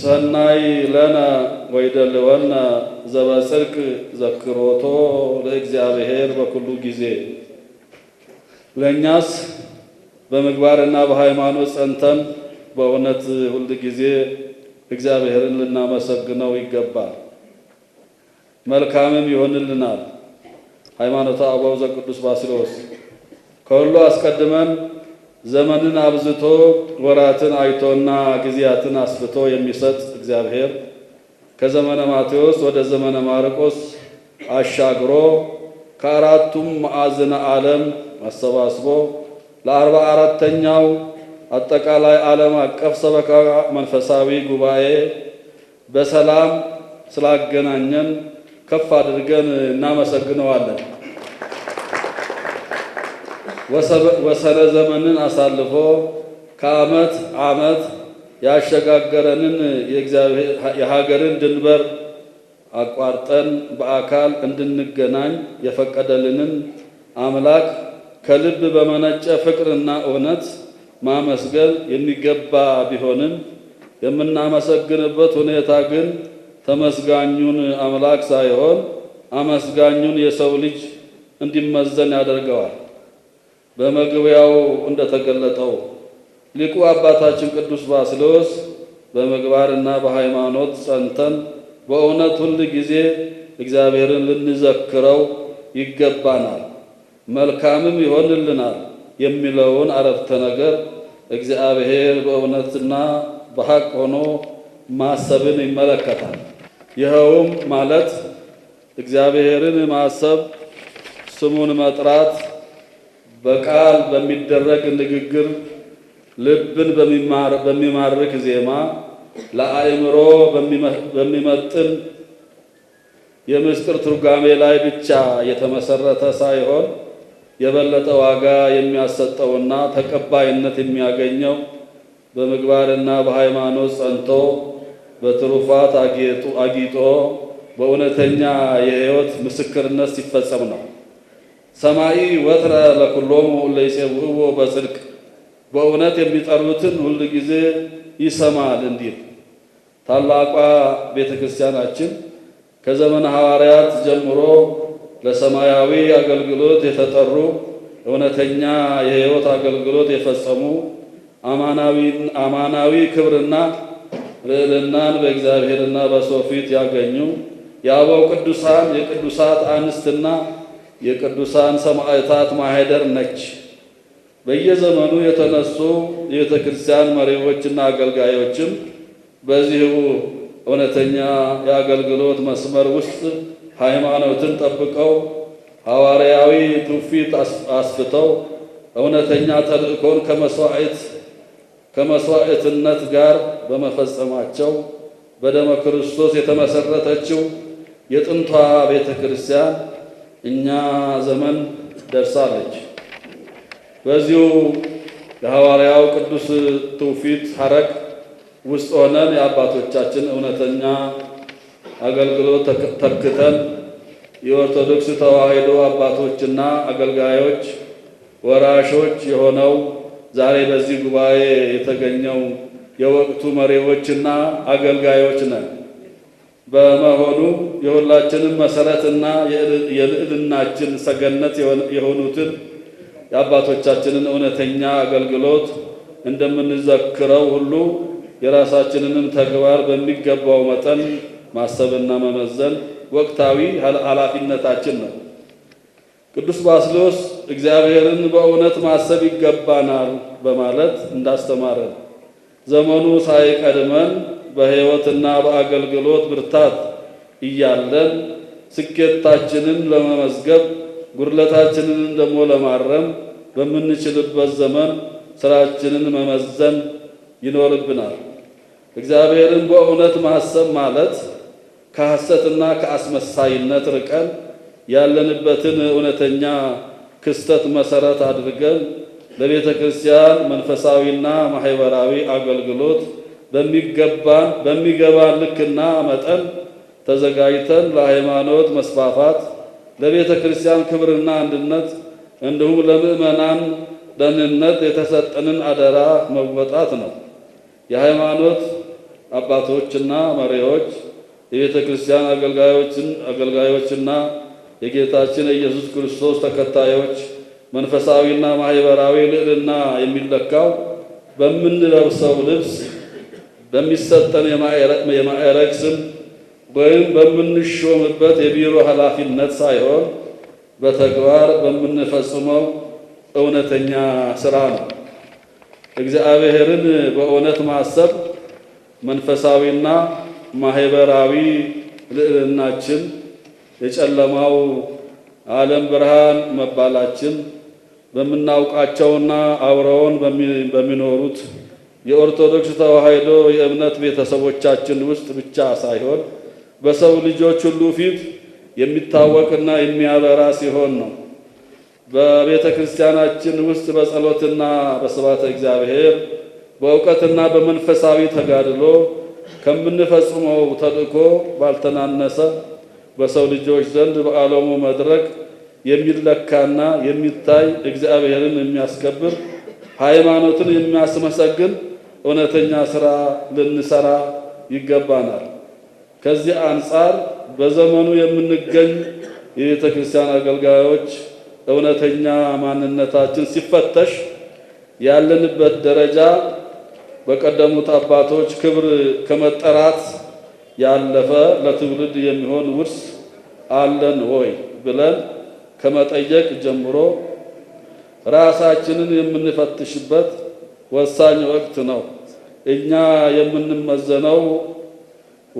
ሰናይ ለነ ወይደልወነ ዘበጽድቅ ዘክሮቶ ለእግዚአብሔር በኩሉ ጊዜ። ለእኛስ በምግባርና በሃይማኖት ጸንተን በእውነት ሁል ጊዜ እግዚአብሔርን ልናመሰግነው ይገባል፣ መልካምም ይሆንልናል። ሃይማኖተ አበው ዘቅዱስ ባስሎስ ከሁሉ አስቀድመን ዘመንን አብዝቶ ወራትን አይቶና ጊዜያትን አስፍቶ የሚሰጥ እግዚአብሔር ከዘመነ ማቴዎስ ወደ ዘመነ ማርቆስ አሻግሮ ከአራቱም ማዕዘነ ዓለም አሰባስቦ ለአርባ አራተኛው አጠቃላይ ዓለም አቀፍ ሰበካ መንፈሳዊ ጉባኤ በሰላም ስላገናኘን ከፍ አድርገን እናመሰግነዋለን። ወሰነ ዘመንን አሳልፎ ከዓመት ዓመት ያሸጋገረንን የሀገርን ድንበር አቋርጠን በአካል እንድንገናኝ የፈቀደልንን አምላክ ከልብ በመነጨ ፍቅርና እውነት ማመስገን የሚገባ ቢሆንም የምናመሰግንበት ሁኔታ ግን ተመስጋኙን አምላክ ሳይሆን አመስጋኙን የሰው ልጅ እንዲመዘን ያደርገዋል። በመግቢያው እንደተገለጠው ሊቁ አባታችን ቅዱስ ባስልዮስ በምግባርና በሃይማኖት ጸንተን በእውነት ሁል ጊዜ እግዚአብሔርን ልንዘክረው ይገባናል፣ መልካምም ይሆንልናል የሚለውን አረፍተ ነገር እግዚአብሔር በእውነትና በሐቅ ሆኖ ማሰብን ይመለከታል። ይኸውም ማለት እግዚአብሔርን ማሰብ፣ ስሙን መጥራት በቃል በሚደረግ ንግግር ልብን በሚማርክ ዜማ ለአእምሮ በሚመጥን የምስጢር ትርጓሜ ላይ ብቻ የተመሰረተ ሳይሆን የበለጠ ዋጋ የሚያሰጠውና ተቀባይነት የሚያገኘው በምግባርና በሃይማኖት ጸንቶ በትሩፋት አጊጦ በእውነተኛ የሕይወት ምስክርነት ሲፈጸም ነው። ሰማይ ወትረ ለኩሎሙ ለይጼብእዎ በጽድቅ በእውነት የሚጠሩትን ሁል ጊዜ ይሰማል እንዲል ታላቋ ቤተ ክርስቲያናችን ከዘመነ ሐዋርያት ጀምሮ ለሰማያዊ አገልግሎት የተጠሩ እውነተኛ የሕይወት አገልግሎት የፈጸሙ አማናዊ ክብርና ልዕልናን በእግዚአብሔርና በሰው ፊት ያገኙ የአበው ቅዱሳን የቅዱሳት አንስትና የቅዱሳን ሰማዕታት ማኅደር ነች። በየዘመኑ የተነሱ የቤተ ክርስቲያን መሪዎችና አገልጋዮችም በዚሁ እውነተኛ የአገልግሎት መስመር ውስጥ ሃይማኖትን ጠብቀው ሐዋርያዊ ትውፊት አስፍተው እውነተኛ ተልእኮን ከመስዋዕት ከመስዋዕትነት ጋር በመፈጸማቸው በደመ ክርስቶስ የተመሰረተችው የጥንቷ ቤተ ክርስቲያን እኛ ዘመን ደርሳለች። በዚሁ የሐዋርያው ቅዱስ ትውፊት ሐረግ ውስጥ ሆነን የአባቶቻችን እውነተኛ አገልግሎት ተክተን የኦርቶዶክስ ተዋሕዶ አባቶችና አገልጋዮች ወራሾች የሆነው ዛሬ በዚህ ጉባኤ የተገኘው የወቅቱ መሪዎችና አገልጋዮች ነን። በመሆኑ የሁላችንም መሰረትና የልዕልናችን ሰገነት የሆኑትን የአባቶቻችንን እውነተኛ አገልግሎት እንደምንዘክረው ሁሉ የራሳችንንም ተግባር በሚገባው መጠን ማሰብና መመዘን ወቅታዊ ኃላፊነታችን ነው። ቅዱስ ባስልዮስ እግዚአብሔርን በእውነት ማሰብ ይገባናል በማለት እንዳስተማረን ዘመኑ ሳይቀድመን በህይወትና በአገልግሎት ብርታት እያለን ስኬታችንን ለመመዝገብ ጉድለታችንን ደግሞ ለማረም በምንችልበት ዘመን ስራችንን መመዘን ይኖርብናል። እግዚአብሔርን በእውነት ማሰብ ማለት ከሐሰትና ከአስመሳይነት ርቀን ያለንበትን እውነተኛ ክስተት መሰረት አድርገን ለቤተ ክርስቲያን መንፈሳዊና ማህበራዊ አገልግሎት በሚገባ በሚገባ ልክና መጠን ተዘጋጅተን ለሃይማኖት መስፋፋት ለቤተ ክርስቲያን ክብርና አንድነት እንዲሁም ለምዕመናን ደህንነት የተሰጠንን አደራ መወጣት ነው። የሃይማኖት አባቶችና መሪዎች፣ የቤተ ክርስቲያን አገልጋዮችና የጌታችን የኢየሱስ ክርስቶስ ተከታዮች መንፈሳዊና ማህበራዊ ልዕልና የሚለካው በምንለብሰው ልብስ በሚሰጠን የማዕረግ ስም ወይም በምንሾምበት የቢሮ ኃላፊነት ሳይሆን በተግባር በምንፈጽመው እውነተኛ ስራ ነው። እግዚአብሔርን በእውነት ማሰብ መንፈሳዊና ማህበራዊ ልዕልናችን፣ የጨለማው ዓለም ብርሃን መባላችን በምናውቃቸውና አብረውን በሚኖሩት የኦርቶዶክስ ተዋሕዶ የእምነት ቤተሰቦቻችን ውስጥ ብቻ ሳይሆን በሰው ልጆች ሁሉ ፊት የሚታወቅና የሚያበራ ሲሆን ነው። በቤተ ክርስቲያናችን ውስጥ በጸሎትና በስብሐተ እግዚአብሔር በእውቀትና በመንፈሳዊ ተጋድሎ ከምንፈጽመው ተልእኮ ባልተናነሰ በሰው ልጆች ዘንድ በዓለሙ መድረክ የሚለካና የሚታይ እግዚአብሔርን የሚያስከብር ሃይማኖትን የሚያስመሰግን እውነተኛ ስራ ልንሰራ ይገባናል። ከዚህ አንጻር በዘመኑ የምንገኝ የቤተ ክርስቲያን አገልጋዮች እውነተኛ ማንነታችን ሲፈተሽ ያለንበት ደረጃ በቀደሙት አባቶች ክብር ከመጠራት ያለፈ ለትውልድ የሚሆን ውርስ አለን ወይ ብለን ከመጠየቅ ጀምሮ ራሳችንን የምንፈትሽበት ወሳኝ ወቅት ነው። እኛ የምንመዘነው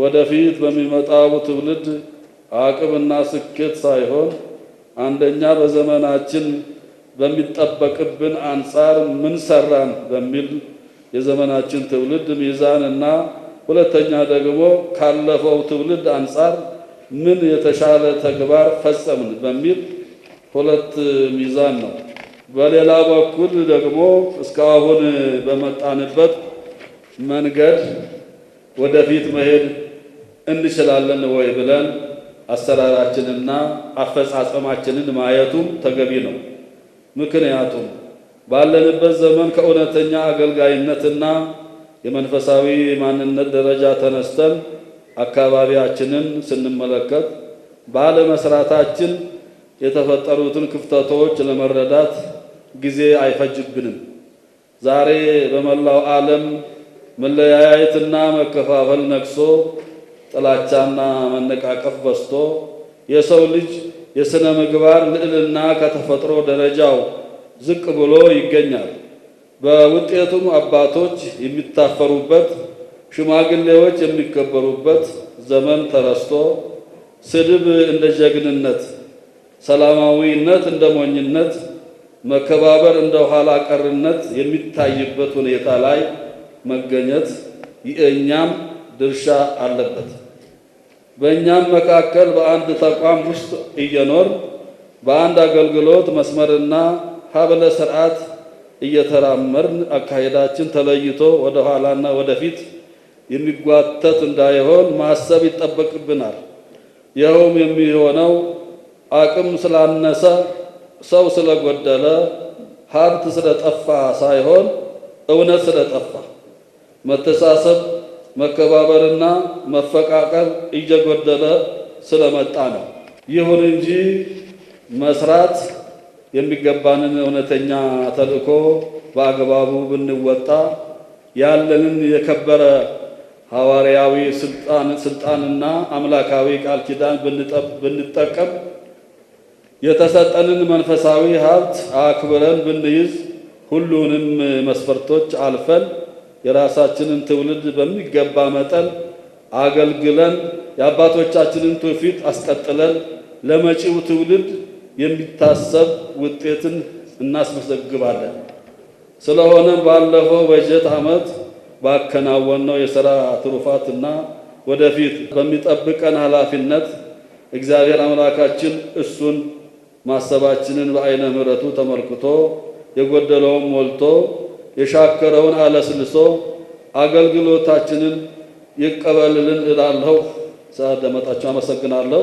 ወደፊት በሚመጣው ትውልድ አቅምና ስኬት ሳይሆን አንደኛ በዘመናችን በሚጠበቅብን አንጻር ምን ሰራን በሚል የዘመናችን ትውልድ ሚዛን እና ሁለተኛ ደግሞ ካለፈው ትውልድ አንጻር ምን የተሻለ ተግባር ፈጸምን በሚል ሁለት ሚዛን ነው። በሌላ በኩል ደግሞ እስካሁን በመጣንበት መንገድ ወደፊት መሄድ እንችላለን ወይ ብለን አሰራራችንና አፈጻጸማችንን ማየቱም ተገቢ ነው። ምክንያቱም ባለንበት ዘመን ከእውነተኛ አገልጋይነትና የመንፈሳዊ ማንነት ደረጃ ተነስተን አካባቢያችንን ስንመለከት ባለመስራታችን የተፈጠሩትን ክፍተቶች ለመረዳት ጊዜ አይፈጅብንም። ዛሬ በመላው ዓለም መለያየትና መከፋፈል ነግሶ ጥላቻና መነቃቀፍ በዝቶ የሰው ልጅ የሥነ ምግባር ልዕልና ከተፈጥሮ ደረጃው ዝቅ ብሎ ይገኛል። በውጤቱም አባቶች የሚታፈሩበት፣ ሽማግሌዎች የሚከበሩበት ዘመን ተረስቶ ስድብ እንደ ጀግንነት፣ ሰላማዊነት እንደ ሞኝነት መከባበር እንደ ኋላ ቀርነት የሚታይበት ሁኔታ ላይ መገኘት የእኛም ድርሻ አለበት። በእኛም መካከል በአንድ ተቋም ውስጥ እየኖር በአንድ አገልግሎት መስመርና ሀብለ ስርዓት እየተራመርን አካሄዳችን ተለይቶ ወደ ኋላና ወደፊት የሚጓተት እንዳይሆን ማሰብ ይጠበቅብናል። ይኸውም የሚሆነው አቅም ስላነሰ ሰው ስለጎደለ ሀብት ስለጠፋ ሳይሆን እውነት ስለጠፋ መተሳሰብ፣ መከባበርና መፈቃቀር እየጎደለ ስለመጣ ነው። ይሁን እንጂ መስራት የሚገባንን እውነተኛ ተልእኮ በአግባቡ ብንወጣ ያለንን የከበረ ሐዋርያዊ ስልጣንና አምላካዊ ቃል ኪዳን ብንጠቀም የተሰጠንን መንፈሳዊ ሀብት አክብረን ብንይዝ ሁሉንም መስፈርቶች አልፈን የራሳችንን ትውልድ በሚገባ መጠን አገልግለን የአባቶቻችንን ትውፊት አስቀጥለን ለመጪው ትውልድ የሚታሰብ ውጤትን እናስመዘግባለን። ስለሆነም ባለፈው በጀት ዓመት ባከናወነው የሥራ ትሩፋትና ወደፊት በሚጠብቀን ኃላፊነት እግዚአብሔር አምላካችን እሱን ማሰባችንን በአይነ ምሕረቱ ተመልክቶ የጎደለውን ሞልቶ የሻከረውን አለስልሶ አገልግሎታችንን ይቀበልልን እላለሁ። ስላደመጣችሁ አመሰግናለሁ።